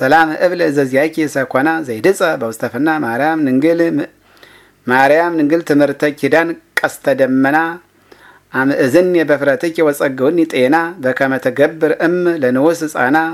ሰላም እብል ዘዚያኪ ሰኮና ዘይድጸ በውስተፍና ማርያም ንግል ማርያም ንንግል ትምህርተ ኪዳን ቀስተ ደመና አምእዝን በፍረትኪ ወጸገውኒ ጤና በከመ ተገብር እም ለንዑስ ሕፃና